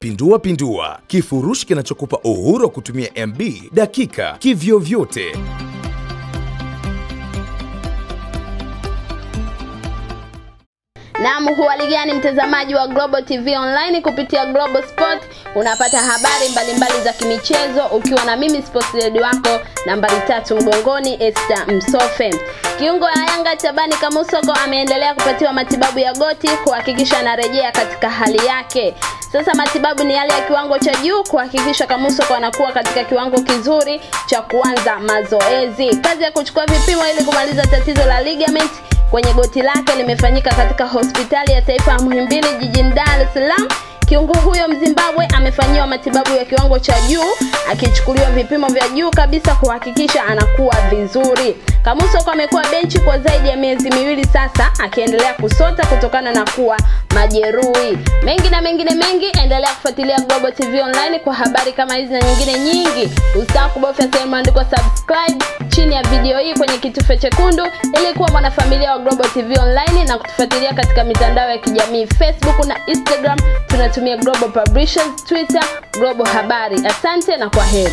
pindua pindua, kifurushi kinachokupa uhuru wa kutumia MB dakika kivyovyote. Naam, huhali gani mtazamaji wa Global TV Online? Kupitia Global Sport unapata habari mbalimbali mbali za kimichezo ukiwa na mimi sports lady wako nambari tatu mgongoni Esther Msofe. Kiungo wa Yanga Tabani Kamusoko ameendelea kupatiwa matibabu ya goti kuhakikisha anarejea katika hali yake. Sasa matibabu ni yale ya kiwango cha juu kuhakikisha kamusoko kwa anakuwa katika kiwango kizuri cha kuanza mazoezi. Kazi ya kuchukua vipimo ili kumaliza tatizo la ligament kwenye goti lake limefanyika katika hospitali ya taifa ya Muhimbili jijini Dar es Salaam. Kiungo huyo Mzimbabwe amefanyiwa matibabu ya kiwango cha juu akichukuliwa vipimo vya juu kabisa kuhakikisha anakuwa vizuri. Kamusoko amekuwa benchi kwa zaidi ya miezi miwili sasa, akiendelea kusota kutokana na kuwa majeruhi. Mengi na mengine mengi, endelea kufuatilia Global TV Online kwa habari kama hizi na nyingine nyingi. Usisahau kubofya sehemu imeandikwa subscribe chini ya video hii kwenye kitufe chekundu ili kuwa mwanafamilia wa Global TV Online na kutufuatilia katika mitandao ya kijamii Facebook na Instagram. Tunatumia Global Publishers, Twitter, Global Habari. Asante na kwa heri.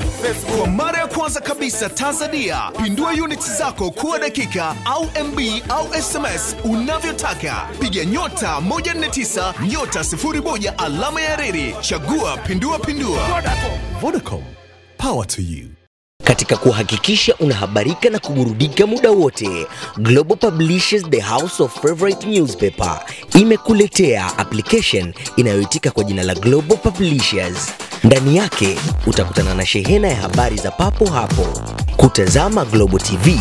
Facebook. Kwa mara ya kwanza kabisa Tanzania, pindua units zako kuwa dakika au MB au SMS unavyotaka. Piga nyota 149 nyota 01 alama ya reli, chagua pindua pindua. Vodacom, Vodacom. power to you katika kuhakikisha unahabarika na kuburudika muda wote, Global Publishers The House of Favorite Newspaper imekuletea application inayoitika kwa jina la Global Publishers. Ndani yake utakutana na shehena ya habari za papo hapo, kutazama Global TV,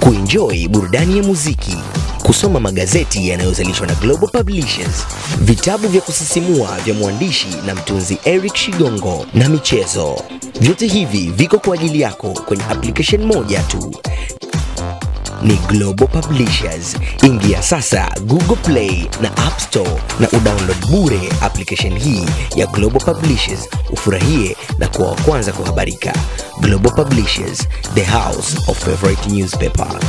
kuenjoy burudani ya muziki, kusoma magazeti yanayozalishwa na Global Publishers, vitabu vya kusisimua vya mwandishi na mtunzi Eric Shigongo na michezo. Vyote hivi viko kwa ajili yako kwenye application moja tu ni Global Publishers. Ingia sasa Google Play na App Store na udownload bure application hii ya Global Publishers, ufurahie na kuwa wa kwanza kuhabarika. Global Publishers, the house of favorite newspaper.